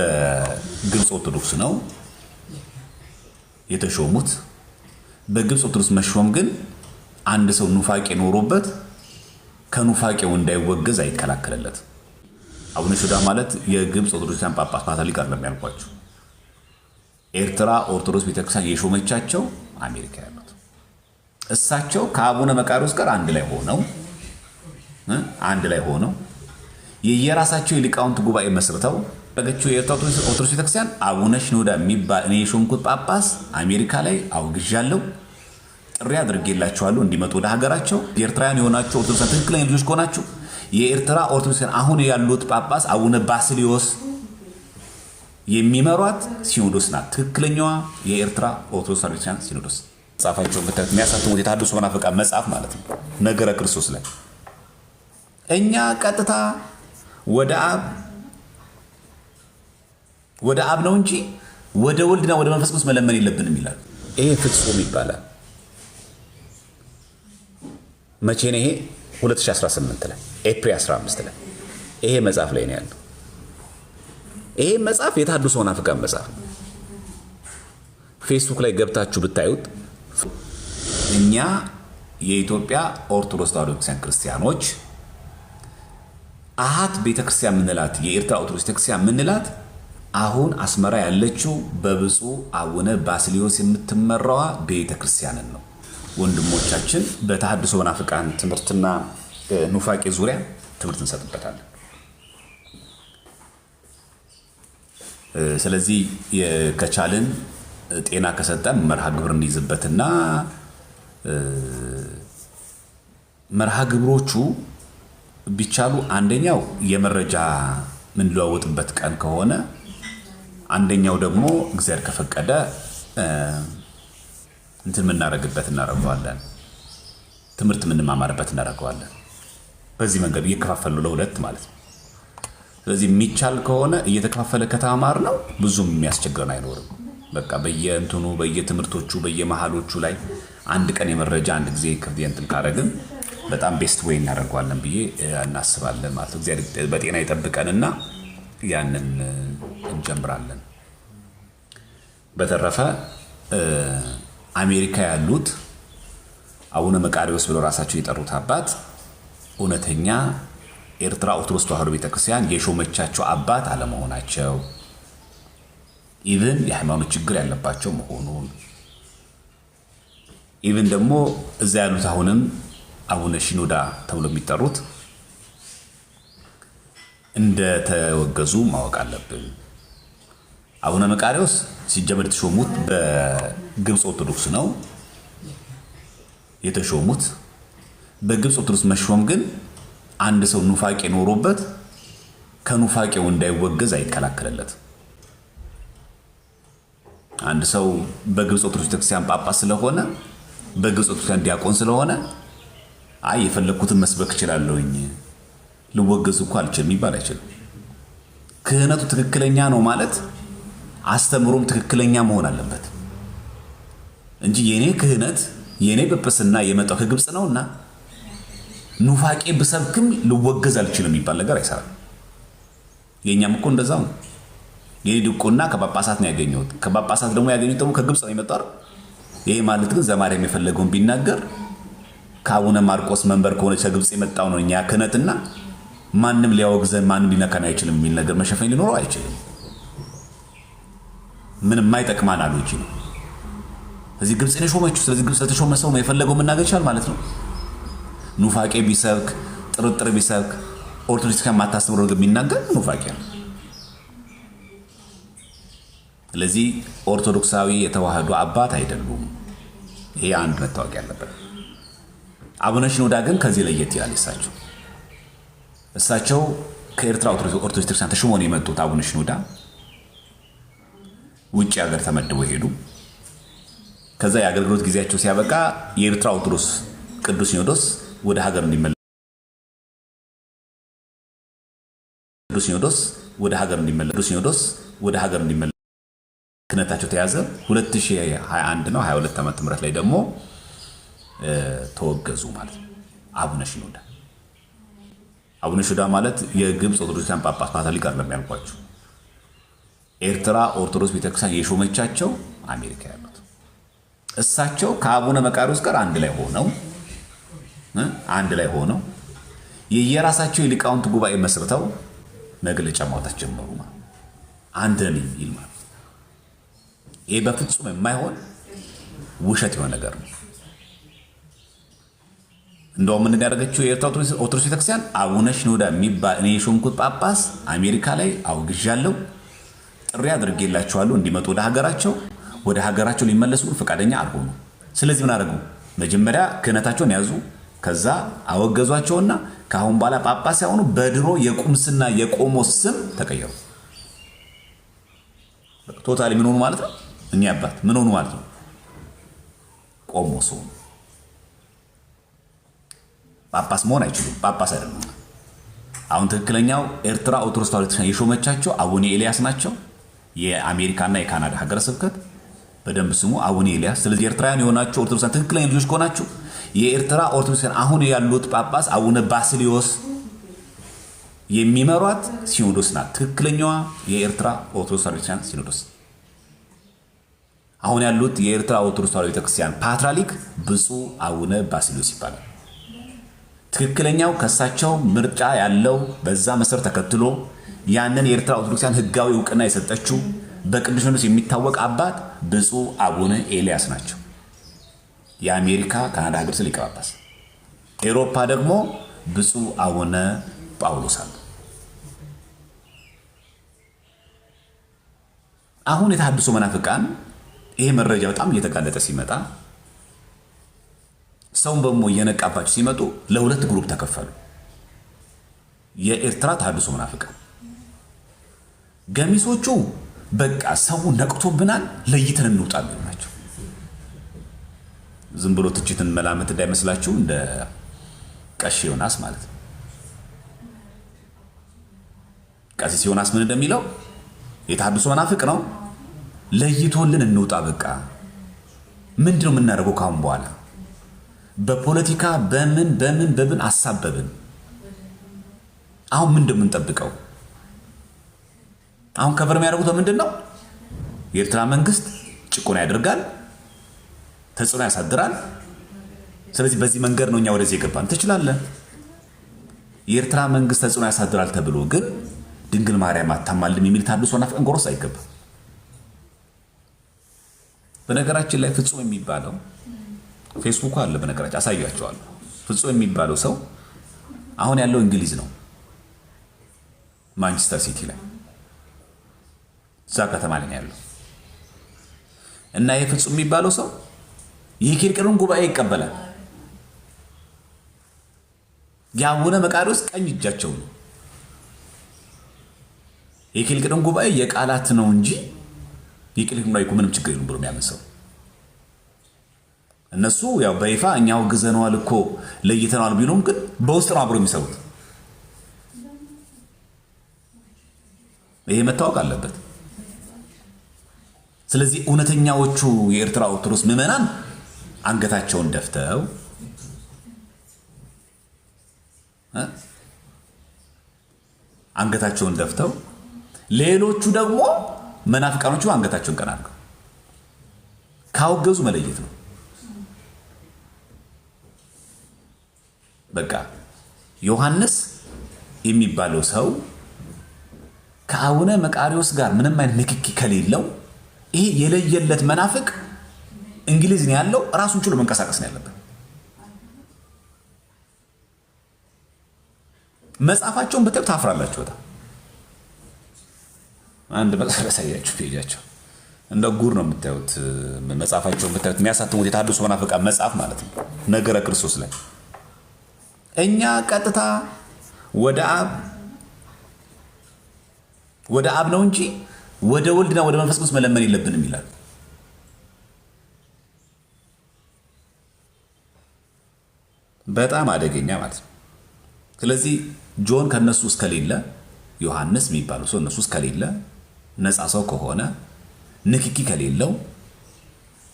በግብፅ ኦርቶዶክስ ነው የተሾሙት። በግብፅ ኦርቶዶክስ መሾም ግን አንድ ሰው ኑፋቄ ኖሮበት ከኑፋቄው እንዳይወገዝ አይከላከልለት። አቡነ ሾዳ ማለት የግብፅ ኦርቶዶክሳን ጳጳስ ካቶሊክ አይደለም ያልኳቸው። ኤርትራ ኦርቶዶክስ ቤተክርስቲያን የሾመቻቸው አሜሪካ ያሉት እሳቸው ከአቡነ መቃሪስ ጋር አንድ ላይ ሆነው አንድ ላይ ሆነው የየራሳቸው የሊቃውንት ጉባኤ መስርተው ያጠበቀችው የኦርቶዶክስ ቤተክርስቲያን አቡነ ሽኖዳ የሚባል እኔ የሾምኩት ጳጳስ አሜሪካ ላይ አውግዣለሁ። ጥሪ አድርጌላቸዋለሁ እንዲመጡ ወደ ሀገራቸው። የኤርትራውያን የሆናችሁ ኦርቶዶክስ ትክክለኛ ልጆች ከሆናችሁ የኤርትራ ኦርቶዶክሳን አሁን ያሉት ጳጳስ አቡነ ባስሊዮስ የሚመሯት ሲኖዶስ ናት። ትክክለኛዋ የኤርትራ ኦርቶዶክስ ቤተክርስቲያን ሲኖዶስ መጽሐፋቸውን ብታዩት የሚያሳትሙት የተሐድሶ መናፍቃን መጽሐፍ ማለት ነው። ነገረ ክርስቶስ ላይ እኛ ቀጥታ ወደ አብ ወደ አብ ነው እንጂ ወደ ወልድና ወደ መንፈስ ቅዱስ መለመን የለብንም ይላል። ይሄ ፍጹም ይባላል። መቼ ነው ይሄ? 2018 ላይ ኤፕሪል 15 ላይ ይሄ መጽሐፍ ላይ ነው ያለው። ይሄ መጽሐፍ የታድሶ ናፍቃን መጽሐፍ ፌስቡክ ላይ ገብታችሁ ብታዩት እኛ የኢትዮጵያ ኦርቶዶክስ ተዋሕዶ ቤተክርስቲያን ክርስቲያኖች አሃት ቤተክርስቲያን ምንላት የኤርትራ ኦርቶዶክስ ቤተክርስቲያን ምንላት አሁን አስመራ ያለችው በብፁዕ አቡነ ባስሊዮስ የምትመራዋ ቤተ ክርስቲያንን ነው። ወንድሞቻችን በተሐድሶ መናፍቃን ትምህርትና ኑፋቄ ዙሪያ ትምህርት እንሰጥበታለን። ስለዚህ ከቻልን ጤና ከሰጠን መርሃ ግብር እንይዝበትና መርሃ ግብሮቹ ቢቻሉ አንደኛው የመረጃ ምንለዋወጥበት ቀን ከሆነ አንደኛው ደግሞ እግዚአብሔር ከፈቀደ እንትን የምናደርግበት እናደርገዋለን። ትምህርት የምንማማርበት እናደርገዋለን። በዚህ መንገድ እየከፋፈል ነው ለሁለት ማለት ነው። ስለዚህ የሚቻል ከሆነ እየተከፋፈለ ከተማር ነው ብዙም የሚያስቸግረን አይኖርም። በቃ በየእንትኑ በየትምህርቶቹ በየመሃሎቹ ላይ አንድ ቀን የመረጃ አንድ ጊዜ እንትን ካደረግን በጣም ቤስት ወይ እናደርገዋለን ብዬ እናስባለን ማለት ነው። እግዚአብሔር በጤና ይጠብቀንና ያንን እንጀምራለን። በተረፈ አሜሪካ ያሉት አቡነ መቃሪዎስ ብለው ራሳቸው የጠሩት አባት እውነተኛ ኤርትራ ኦርቶዶክስ ተዋህዶ ቤተክርስቲያን የሾመቻቸው አባት አለመሆናቸው ኢቭን የሃይማኖት ችግር ያለባቸው መሆኑን ኢቭን ደግሞ እዛ ያሉት አሁንም አቡነ ሺኖዳ ተብሎ የሚጠሩት እንደተወገዙ ማወቅ አለብን። አቡነ መቃሪዎስ ሲጀመር የተሾሙት በግብፅ ኦርቶዶክስ ነው የተሾሙት። በግብፅ ኦርቶዶክስ መሾም ግን አንድ ሰው ኑፋቄ ኖሮበት ከኑፋቄው እንዳይወገዝ አይከላከልለት። አንድ ሰው በግብፅ ኦርቶዶክስ ቤተክርስቲያን ጳጳስ ስለሆነ በግብፅ ኦርቶዶክስ ዲያቆን ስለሆነ አይ የፈለግኩትን መስበክ እችላለሁኝ ልወገዝ እኮ አልችልም ይባል አይችልም። ክህነቱ ትክክለኛ ነው ማለት አስተምሮም ትክክለኛ መሆን አለበት እንጂ የእኔ ክህነት የእኔ ጵጵስና የመጣው ከግብፅ ነውና ኑፋቄ ብሰብክም ልወገዝ አልችልም የሚባል ነገር አይሰራም። የእኛም እኮ እንደዛው ነው። የኔ ድቁና ከጳጳሳት ነው ያገኘሁት። ከጳጳሳት ደግሞ ያገኙት ደግሞ ከግብፅ ነው የመጣው። ይሄ ማለት ግን ዘማሪያም የፈለገውን ቢናገር ከአቡነ ማርቆስ መንበር ከሆነች ከግብፅ የመጣው ነው እኛ ክህነትና ማንም ሊያወግዘን ማንም ሊነካን አይችልም የሚል ነገር መሸፈኝ ሊኖረው አይችልም። ምንም የማይጠቅማን አሉ ነው። እዚህ ግብፅን የሾመችው። ስለዚህ ግብፅ ለተሾመ ሰው የፈለገው መናገር ይችላል ማለት ነው። ኑፋቄ ቢሰብክ፣ ጥርጥር ቢሰብክ፣ ኦርቶዶክስ ከማታስብሮ የሚናገር ኑፋቄ ነው። ስለዚህ ኦርቶዶክሳዊ የተዋህዶ አባት አይደሉም። ይሄ አንድ መታወቅ ያለበት። አቡነ ሽኖዳ ግን ከዚህ ለየት ይላል። እሳቸው እሳቸው ከኤርትራ ኦርቶዶክስ ክርስቲያን ተሾመው ነው የመጡት አቡነ ሽኖዳ ውጭ ሀገር ተመድበው ሄዱ። ከዛ የአገልግሎት ጊዜያቸው ሲያበቃ የኤርትራ ኦርቶዶክስ ቅዱስ ሲኖዶስ ወደ ሀገር እንዲመለስ ወደ ሀገር እንዲመለስ ሲኖዶስ ወደ ሀገር እንዲመለስ ክነታቸው ተያዘ። 2021 ነው 22 ዓመት ምረት ላይ ደግሞ ተወገዙ ማለት ነው። አቡነ ሽኖዳ አቡነ ሽኖዳ ማለት የግብፅ ኦርቶዶክሳን ጳጳስ ካቶሊክ አይደለም ያልኳቸው ኤርትራ ኦርቶዶክስ ቤተክርስቲያን የሾመቻቸው አሜሪካ ያሉት እሳቸው ከአቡነ መቃርዮስ ጋር አንድ ላይ ሆነው አንድ ላይ ሆነው የየራሳቸው የሊቃውንት ጉባኤ መስርተው መግለጫ ማውጣት ጀመሩ። ማለት አንድ ነን የሚል ማለት ይህ በፍጹም የማይሆን ውሸት የሆነ ነገር ነው። እንደውም ምንድን ያደረገችው የኤርትራ ኦርቶዶክስ ቤተክርስቲያን አቡነ ሽኖዳ የሚባል እኔ የሾምኩት ጳጳስ አሜሪካ ላይ አውግዣለሁ ጥሪ አድርጌላቸዋለሁ እንዲመጡ ወደ ሀገራቸው። ወደ ሀገራቸው ሊመለሱ ግን ፈቃደኛ አልሆኑ። ስለዚህ ምን አደረጉ? መጀመሪያ ክህነታቸውን ያዙ። ከዛ አወገዟቸውና ከአሁን በኋላ ጳጳስ ሳይሆኑ በድሮ የቁምስና የቆሞስ ስም ተቀየሩ። ቶታሊ ምን ሆኑ ማለት ነው። እኒ አባት ምን ሆኑ ማለት ነው። ቆሞስ ሆኑ። ጳጳስ መሆን አይችሉም። ጳጳስ አይደሉም። አሁን ትክክለኛው ኤርትራ ኦርቶዶክስ ተዋሕዶ የሾመቻቸው አቡነ ኤልያስ ናቸው። የአሜሪካና የካናዳ ሀገረ ስብከት በደንብ ስሙ አቡነ ኤልያስ። ስለዚህ ኤርትራውያን የሆናችሁ ኦርቶዶክሳን ትክክለኛ ልጆች ከሆናችሁ የኤርትራ ኦርቶዶክሳን አሁን ያሉት ጳጳስ አቡነ ባስሊዮስ የሚመሯት ሲኖዶስ ናት። ትክክለኛዋ የኤርትራ ኦርቶዶክስ ቤተክርስቲያን ሲኖዶስ። አሁን ያሉት የኤርትራ ኦርቶዶክስ ቤተክርስቲያን ፓትርያርክ ብፁዕ አቡነ ባስሊዮስ ይባላል። ትክክለኛው ከሳቸው ምርጫ ያለው በዛ መሰረት ተከትሎ ያንን የኤርትራ ኦርቶዶክሳን ህጋዊ እውቅና የሰጠችው በቅዱስ ሲኖዶስ የሚታወቅ አባት ብፁዕ አቡነ ኤልያስ ናቸው። የአሜሪካ ካናዳ ሀገር ስል ሊቀ ጳጳስ፣ ኤሮፓ ደግሞ ብፁዕ አቡነ ጳውሎስ አሉ። አሁን የተሐድሶ መናፍቃን ይሄ መረጃ በጣም እየተጋለጠ ሲመጣ ሰውን በሞ እየነቃባቸው ሲመጡ ለሁለት ግሩፕ ተከፈሉ። የኤርትራ ተሐድሶ መናፍቃን ገሚሶቹ በቃ ሰው ነቅቶብናል፣ ለይተን እንውጣለን ናቸው። ዝም ብሎ ትችትን መላመት እንዳይመስላችሁ እንደ ቀሽ ዮናስ ማለት ነው። ቀሲስ ዮናስ ምን እንደሚለው የተሐድሶ መናፍቅ ነው። ለይቶልን እንውጣ በቃ ምንድን ነው የምናደርገው? ካሁን በኋላ በፖለቲካ በምን በምን በምን አሳበብን። አሁን ምንድን ነው የምንጠብቀው? አሁን ከቨር የሚያደርጉት ምንድን ነው? የኤርትራ መንግስት ጭቆና ያደርጋል፣ ተጽዕኖ ያሳድራል። ስለዚህ በዚህ መንገድ ነው እኛ ወደዚህ የገባን። ትችላለህ። የኤርትራ መንግስት ተጽዕኖ ያሳድራል ተብሎ ግን ድንግል ማርያም አታማልም የሚል ታድሶ ናፍቀን ጎረስ አይገባም። በነገራችን ላይ ፍጹም የሚባለው ፌስቡክ አለ። በነገራችን አሳያቸዋለሁ። ፍጹም የሚባለው ሰው አሁን ያለው እንግሊዝ ነው፣ ማንቸስተር ሲቲ ላይ እዛ ከተማ ላይ ያለው እና ይህ ፍጹም የሚባለው ሰው የኬልቅርን ጉባኤ ይቀበላል። የአቡነ መቃርዮስ ቀኝ እጃቸው ነው። የኬልቅርን ጉባኤ የቃላት ነው እንጂ የኬልቅርን ላይ ምንም ችግር የለም ብሎ የሚያምን ሰው እነሱ ያው በይፋ እኛው ግዘነዋል እኮ ለይተነዋል ቢሉም ግን በውስጥ ነው አብሮ የሚሰሩት። ይሄ መታወቅ አለበት። ስለዚህ እውነተኛዎቹ የኤርትራ ኦርቶዶክስ ምዕመናን አንገታቸውን ደፍተው አንገታቸውን ደፍተው ሌሎቹ ደግሞ መናፍቃኖቹ አንገታቸውን ቀና አድርገው ካወገዙ መለየት ነው። በቃ ዮሐንስ የሚባለው ሰው ከአቡነ መቃሪዎስ ጋር ምንም አይነት ንክኪ ከሌለው ይሄ የለየለት መናፍቅ እንግሊዝ ነው ያለው። ራሱን ችሎ መንቀሳቀስ ነው ያለበት። መጽሐፋቸውን ብታዩ ታፍራላችሁ። በጣም አንድ መጽሐፍ ያሳያችሁ ፔጃቸው እንደ ጉር ነው የምታዩት። መጽሐፋቸውን ብታዩት የሚያሳትሙት የተሐድሶ መናፍቃን መጽሐፍ ማለት ነው። ነገረ ክርስቶስ ላይ እኛ ቀጥታ ወደ አብ ወደ አብ ነው እንጂ ወደ ወልድና ወደ መንፈስ ቅዱስ መለመን የለብንም ይላል። በጣም አደገኛ ማለት ነው። ስለዚህ ጆን ከነሱ ውስጥ ከሌለ ዮሐንስ የሚባለው ሰው እነሱ ውስጥ ከሌለ ነፃ ሰው ከሆነ ንክኪ ከሌለው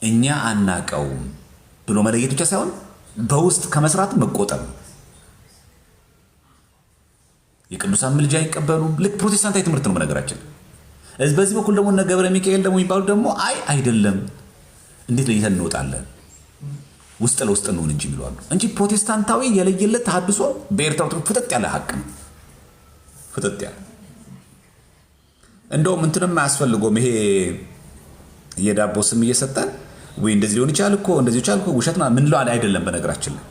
እኛ አናቀውም ብሎ መለየት ብቻ ሳይሆን በውስጥ ከመስራት መቆጠብ የቅዱሳን ምልጃ አይቀበሉም። ልክ ፕሮቴስታንታዊ ትምህርት ነው በነገራችን በዚህ በኩል ደግሞ እነ ገብረ ሚካኤል ደግሞ የሚባሉት ደግሞ አይ አይደለም፣ እንዴት ለይተን እንወጣለን? ውስጥ ለውስጥ እንሆን እንጂ ይለዋሉ እንጂ ፕሮቴስታንታዊ የለየለት ተሐድሶ በኤርትራ ፍጥጥ ያለ ሀቅ ነው። ፍጥጥ ያለ እንደውም እንትንም አያስፈልገውም። ይሄ የዳቦ ስም እየሰጠን ወይ እንደዚህ ሊሆን ይቻል እኮ እንደዚህ ይቻል እኮ ውሸት ማለት ምን ለዋል አይደለም። በነገራችን ላይ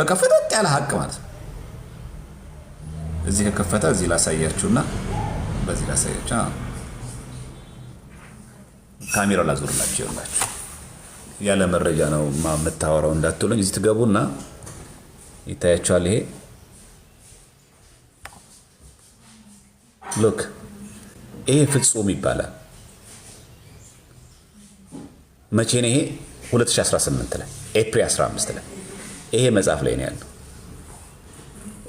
በቃ ፍጥጥ ያለ ሀቅ ማለት ነው። እዚህ ከከፈተ እዚህ ላሳያችሁና በዚህ ላሳያችሁ ካሜራ ላዞርላችሁ ይሆንላችሁ ያለ መረጃ ነው የምታወራው እንዳትሉኝ። እዚህ ትገቡና ይታያችኋል። ይሄ ሎክ ይሄ ፍጹም ይባላል። መቼ ነው ይሄ? 2018 ላይ ኤፕሪል 15 ላይ ይሄ መጽሐፍ ላይ ነው ያለው።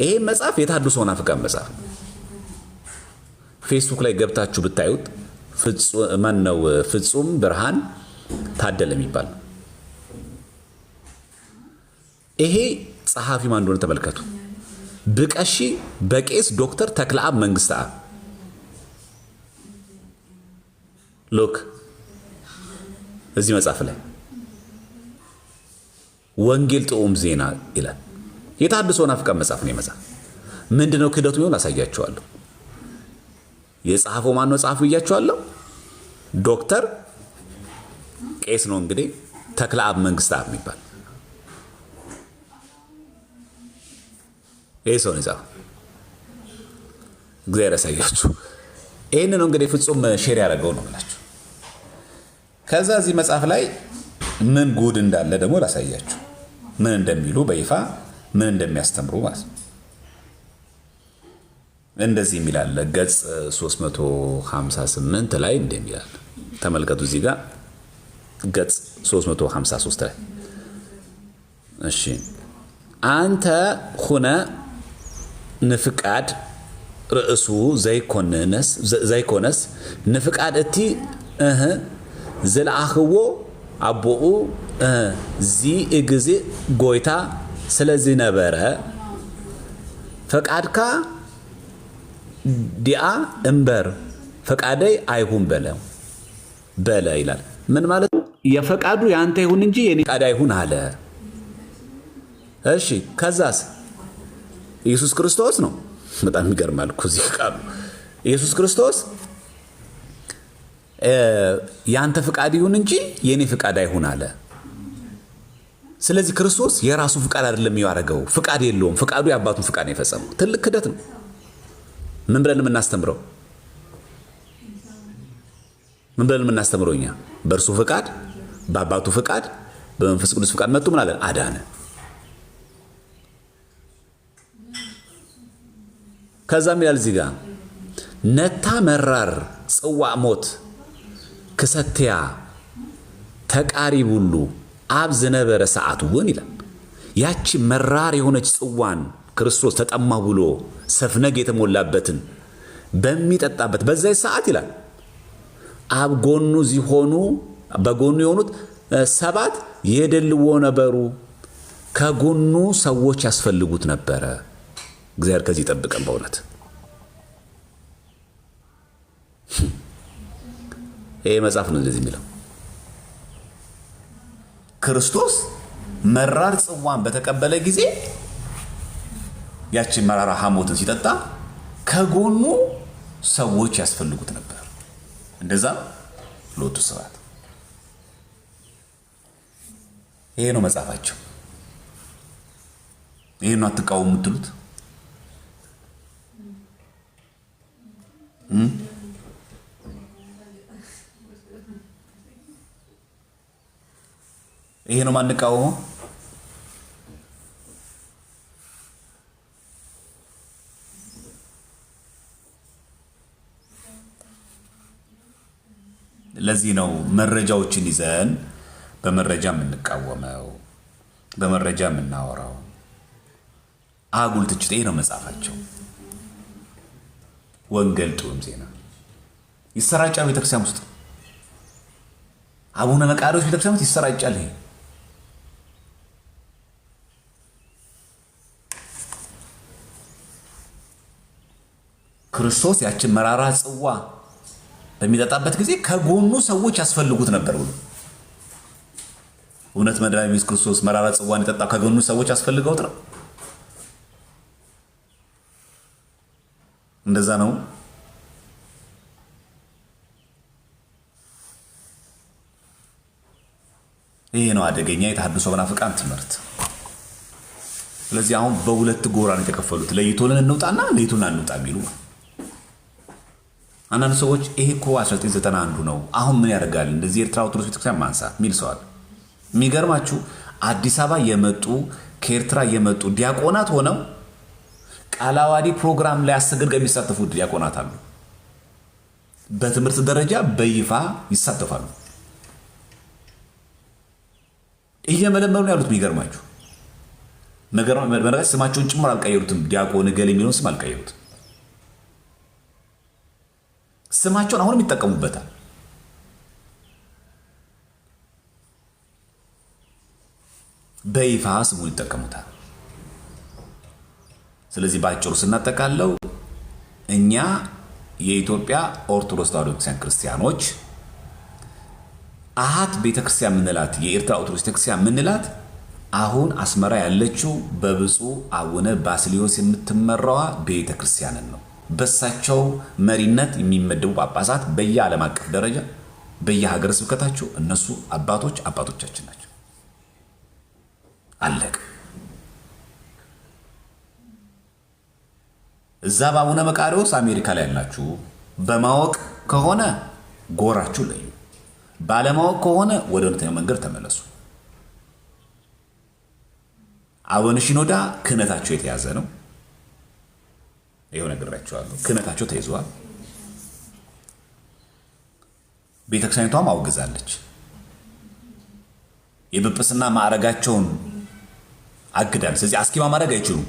ይሄ መጽሐፍ የታድሶ ናፍቃን መጽሐፍ ፌስቡክ ላይ ገብታችሁ ብታዩት ማን ነው ፍጹም ብርሃን ታደለ የሚባል ይሄ ጸሐፊ ማን እንደሆነ ተመልከቱ። ብቀሺ በቄስ ዶክተር ተክለአብ መንግስት አብ ሎክ እዚህ መጽሐፍ ላይ ወንጌል ጥዑም ዜና ይላል። የታድሶ ናፍቃን መጽሐፍ ነው። የመጽሐፍ ምንድነው ክህደቱ? ይሆን አሳያቸዋለሁ። የጻፈው ማን ነው? ጻፉ እያቸዋለሁ። ዶክተር ቄስ ነው እንግዲህ ተክለአብ አብ የሚባል ይህ ሰው ነው የጻፈው። እግዚአብሔር ያሳያችሁ። ይህን ነው እንግዲህ ፍጹም ሼር ያደረገው ነው ብላችሁ ከዛ እዚህ መጽሐፍ ላይ ምን ጉድ እንዳለ ደግሞ ላሳያችሁ፣ ምን እንደሚሉ በይፋ ምን እንደሚያስተምሩ ማለት ነው። እንደዚህ የሚላለ ገጽ 358 ላይ እንደ የሚላል ተመልከቱ። እዚህ ጋር ገጽ 353 ላይ እሺ፣ አንተ ሁነ ንፍቃድ ርእሱ ዘይኮነስ ንፍቃድ እቲ እህ ዝለኣኽዎ ኣቦኡ ዚ እግዜ ጎይታ ስለዝነበረ ፈቃድካ ዲአ እምበር ፈቃደይ አይሁን በለ በለ ይላል። ምን ማለት የፈቃዱ የአንተ ይሁን እንጂ የኔ ፈቃድ አይሁን አለ። እሺ ከዛስ ኢየሱስ ክርስቶስ ነው። በጣም ይገርማል እኮ እዚህ ቃሉ ኢየሱስ ክርስቶስ የአንተ ፍቃድ ይሁን እንጂ የእኔ ፍቃድ አይሁን አለ። ስለዚህ ክርስቶስ የራሱ ፍቃድ አይደለም ያደረገው፣ ፍቃድ የለውም። ፍቃዱ የአባቱን ፍቃድ ነው የፈጸመው። ትልቅ ክደት ነው። ምን ብለን የምናስተምረው? ምን ብለን የምናስተምረው? እኛ በእርሱ ፍቃድ፣ በአባቱ ፍቃድ፣ በመንፈስ ቅዱስ ፍቃድ መጡ። ምን አለን? አዳነ። ከዛም ይላል እዚህ ጋር ነታ መራር ጽዋዕ ሞት ክሰትያ ተቃሪብ ሁሉ አብ ዝነበረ ሰዓት እውን ይላል። ያቺ መራር የሆነች ጽዋን ክርስቶስ ተጠማ ብሎ ሰፍነግ የተሞላበትን በሚጠጣበት በዛ ሰዓት ይላል አብ ጎኑ ሲሆኑ በጎኑ የሆኑት ሰባት የደልዎ ነበሩ ከጎኑ ሰዎች ያስፈልጉት ነበረ። እግዚአብሔር ከዚህ ይጠብቀን። በእውነት ይሄ መጽሐፍ ነው እንደዚህ የሚለው ክርስቶስ መራር ጽዋን በተቀበለ ጊዜ ያችን መራራ ሐሞትን ሲጠጣ ከጎኑ ሰዎች ያስፈልጉት ነበር። እንደዛ ሎቱ ስብሐት። ይሄ ነው መጽሐፋቸው። ይሄ ነው አትቃወሙ የምትሉት ይሄ ነው ማንቃወመው። ለዚህ ነው መረጃዎችን ይዘን በመረጃ የምንቃወመው፣ በመረጃ የምናወራው። አጉል ትችት ነው መጽሐፋቸው። ወንገል ጥዑም ዜና ይሰራጫል ቤተክርስቲያን ውስጥ አቡነ መቃሪዎች ቤተክርስቲያን ውስጥ ይሰራጫል። ይሄ ክርስቶስ ያችን መራራ ጽዋ በሚጠጣበት ጊዜ ከጎኑ ሰዎች ያስፈልጉት ነበር ብሎ እውነት መድኃኒት ኢየሱስ ክርስቶስ መራራ ጽዋን የጠጣው ከጎኑ ሰዎች ያስፈልገውት ነው። እንደዛ ነው። ይሄ ነው አደገኛ የተሐድሶ መናፍቃን ትምህርት። ስለዚህ አሁን በሁለት ጎራ ነው የተከፈሉት። ለይቶልን እንውጣና ለይቶልን አንውጣ የሚሉ አንዳንድ ሰዎች ይሄ እኮ 1991 ነው፣ አሁን ምን ያደርጋል እንደዚህ ኤርትራ ኦርቶዶክስ ቤተክርስቲያን ማንሳ የሚል ሰዋል። የሚገርማችሁ አዲስ አበባ የመጡ ከኤርትራ የመጡ ዲያቆናት ሆነው ቃላዋዲ ፕሮግራም ላይ አስገድገ የሚሳተፉ ዲያቆናት አሉ። በትምህርት ደረጃ በይፋ ይሳተፋሉ። እየመለመሉ ነው ያሉት። የሚገርማችሁ ስማቸውን ጭምር አልቀየሩትም። ዲያቆን እገሌ የሚለውን ስም አልቀየሩትም። ስማቸውን አሁንም ይጠቀሙበታል። በይፋ ስሙን ይጠቀሙታል። ስለዚህ በአጭሩ ስናጠቃለው እኛ የኢትዮጵያ ኦርቶዶክስ ተዋሕዶ ቤተክርስቲያን ክርስቲያኖች አሀት ቤተክርስቲያን ምንላት የኤርትራ ኦርቶዶክስ ቤተክርስቲያን ምንላት አሁን አስመራ ያለችው በብፁዕ አቡነ ባስሊዮስ የምትመራዋ ቤተክርስቲያንን ነው። በሳቸው መሪነት የሚመደቡ ጳጳሳት በየዓለም አቀፍ ደረጃ በየሀገረ ስብከታቸው እነሱ አባቶች አባቶቻችን ናቸው። አለቅ እዛ በአቡነ መቃሪዎስ አሜሪካ ላይ ያላችሁ በማወቅ ከሆነ ጎራችሁ ለዩ፣ ባለማወቅ ከሆነ ወደ እውነተኛው መንገድ ተመለሱ። አቡነ ሺኖዳ ክህነታቸው የተያዘ ነው። የሆነ ነግራቸዋለሁ። ክህነታቸው ተይዘዋል። ቤተክርስቲያኒቷም አውግዛለች። የጵጵስና ማዕረጋቸውን አግዳል። ስለዚህ አስኬማ ማድረግ አይችሉም።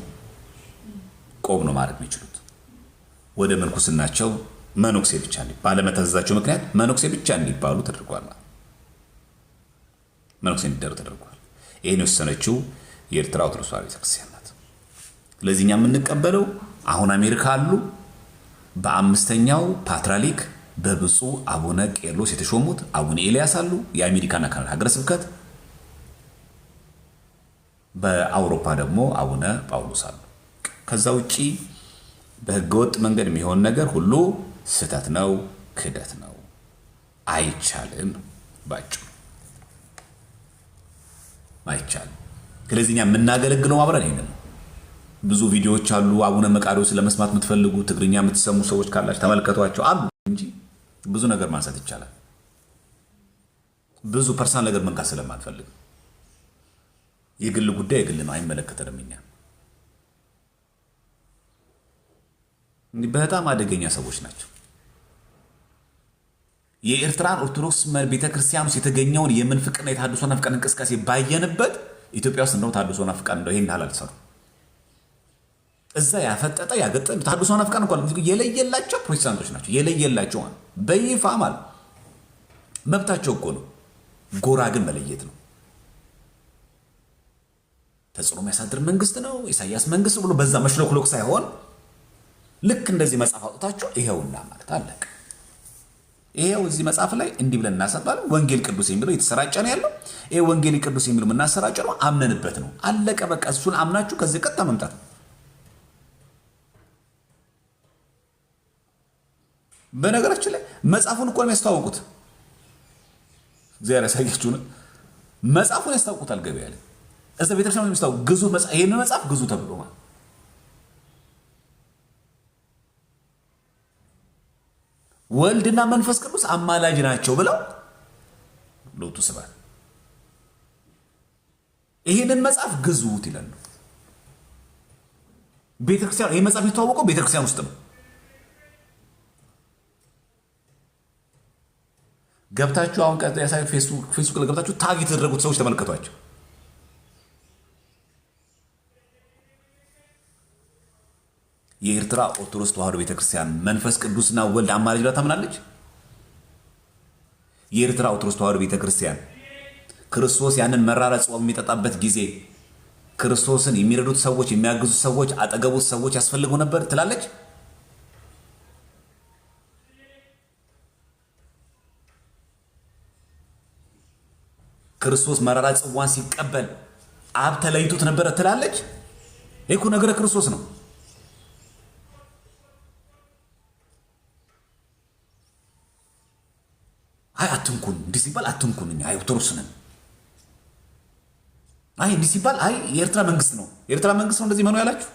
ቆብ ነው ማድረግ የሚችሉት። ወደ ምንኩስናቸው መኖክሴ ብቻ ባለመታዘዛቸው ምክንያት መኖክሴ ብቻ እንዲባሉ ተደርጓል። መኖክሴ እንዲደሩ ተደርጓል። ይህን የወሰነችው የኤርትራ ኦርቶዶክስ ቤተክርስቲያን ናት። ስለዚህ እኛ የምንቀበለው አሁን አሜሪካ አሉ። በአምስተኛው ፓትራሊክ በብፁዕ አቡነ ቄርሎስ የተሾሙት አቡነ ኤልያስ አሉ። የአሜሪካና ካናዳ ሀገረ ስብከት በአውሮፓ ደግሞ አቡነ ጳውሎስ አሉ። ከዛ ውጪ በህገወጥ መንገድ የሚሆን ነገር ሁሉ ስህተት ነው፣ ክደት ነው፣ አይቻልም። ባጭ አይቻልም። ስለዚህ እኛ የምናገለግለው አብረን ይህንን ነው። ብዙ ቪዲዮዎች አሉ። አቡነ መቃሪዎስ ለመስማት የምትፈልጉ ትግርኛ የምትሰሙ ሰዎች ካላችሁ ተመልከቷቸው አሉ እንጂ ብዙ ነገር ማንሳት ይቻላል። ብዙ ፐርሰናል ነገር መንካት ስለማንፈልግ የግል ጉዳይ የግል ነው፣ አይመለከተንም። እኛ በጣም አደገኛ ሰዎች ናቸው። የኤርትራን ኦርቶዶክስ ቤተክርስቲያን ውስጥ የተገኘውን የምንፍቅና የታድሶና ፍቃድ እንቅስቃሴ ባየንበት ኢትዮጵያ ውስጥ እንደው ተሃድሶና ፍቃድ እንደው ይህን ያህል አልሰሩም። እዛ ያፈጠጠ ያገጠ ተሐድሶን አፍቃን እኳ የለየላቸው ፕሮቴስታንቶች ናቸው። የለየላቸው በይፋ ማለት መብታቸው እኮ ነው። ጎራ ግን መለየት ነው። ተጽዕኖ የሚያሳድር መንግስት ነው ኢሳያስ መንግስት ብሎ በዛ መሽሎክሎክ ሳይሆን ልክ እንደዚህ መጽሐፍ አውጥታችሁ ይሄውና ማለት አለቀ። ይሄው እዚህ መጽሐፍ ላይ እንዲህ ብለን እናሰባለን። ወንጌል ቅዱስ የሚለው የተሰራጨ ነው ያለው። ይሄ ወንጌል ቅዱስ የሚለው የምናሰራጨ ነው፣ አምነንበት ነው አለቀ። በቃ እሱን አምናችሁ ከዚህ ቀጥታ መምጣት ነው። በነገራችን ላይ መጽሐፉን እኮ ነው ያስተዋወቁት። እግዚአብሔር ያሳያችሁን መጽሐፉን ያስታውቁታል። ገበያ ላይ እዛ ቤተክርስቲያን ነው የሚስታው ግዙ ይህን መጽሐፍ ግዙ ተብሎ ማለት ወልድና መንፈስ ቅዱስ አማላጅ ናቸው ብለው ሎቱ ስብሐት ይህንን መጽሐፍ ግዙት ይላሉ። ቤተክርስቲያን ይህ መጽሐፍ የተዋወቀው ቤተክርስቲያን ውስጥ ነው። ገብታችሁ አሁን ያሳዩ ፌስቡክ ላይ ገብታችሁ ታግ የተደረጉት ሰዎች ተመልከቷቸው። የኤርትራ ኦርቶዶክስ ተዋሕዶ ቤተክርስቲያን መንፈስ ቅዱስና ወልድ አማላጅ ብላ ታምናለች። የኤርትራ ኦርቶዶክስ ተዋሕዶ ቤተክርስቲያን ክርስቶስ ያንን መራራ ጽዋም የሚጠጣበት ጊዜ ክርስቶስን የሚረዱት ሰዎች፣ የሚያግዙት ሰዎች፣ አጠገቡት ሰዎች ያስፈልገው ነበር ትላለች። ክርስቶስ መራራ ጽዋን ሲቀበል አብ ተለይቶት ነበረ ትላለች። ይህ ነገረ ክርስቶስ ነው። አይ አትንኩን፣ እንዲህ ሲባል አትንኩን፣ እኛ ኦርቶዶክስ ነን። አይ እንዲህ ሲባል አይ የኤርትራ መንግስት ነው፣ የኤርትራ መንግስት ነው እንደዚህ መኖ ያላችሁ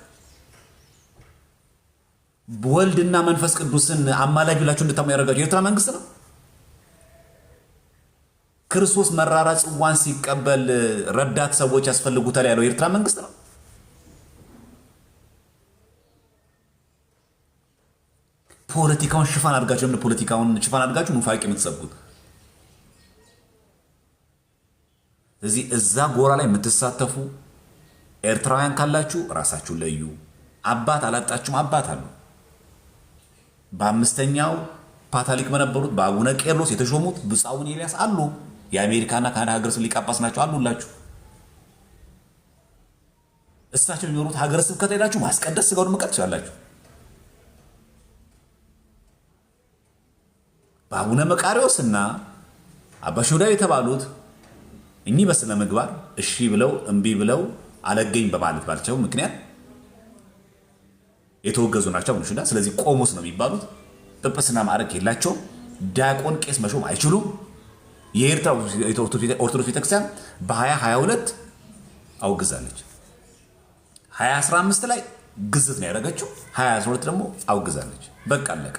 ወልድና መንፈስ ቅዱስን አማላጅ ብላችሁ እንድታሙ ያደረጋችሁ የኤርትራ መንግስት ነው። ክርስቶስ መራራ ጽዋን ሲቀበል ረዳት ሰዎች ያስፈልጉታል ያለው የኤርትራ መንግስት ነው። ፖለቲካውን ሽፋን አድርጋችሁ ለምን ፖለቲካውን ሽፋን አድርጋችሁ ኑፋቄ የምትሰብኩት? እዚህ እዛ ጎራ ላይ የምትሳተፉ ኤርትራውያን ካላችሁ ራሳችሁ ለዩ። አባት አላጣችሁም፣ አባት አሉ። በአምስተኛው ፓታሊክ በነበሩት በአቡነ ቄርሎስ የተሾሙት ብፁዕ አቡነ ኤልያስ አሉ። የአሜሪካና ካናዳ ሀገረ ስብከት ሊቀ ናቸው አሉላችሁ። እሳቸው የሚኖሩት ሀገረ ስብከት ሄዳችሁ ማስቀደስ ስጋውን መቀጥ ትችላላችሁ። በአቡነ መቃሪዎስና አባ ሺውዳ የተባሉት እኚህ በስነ ምግባር እሺ ብለው እምቢ ብለው አለገኝ በማለት ባልቸው ምክንያት የተወገዙ ናቸው ሽዳ ስለዚህ ቆሞስ ነው የሚባሉት። ጵጵስና ማዕረግ የላቸውም። ዲያቆን ቄስ መሾም አይችሉም። የኤርትራ ኦርቶዶክስ ቤተክርስቲያን በ2022 አውግዛለች። 2015 ላይ ግዝት ነው ያደረገችው፣ 2012 ደግሞ አውግዛለች። በቃ አለቀ።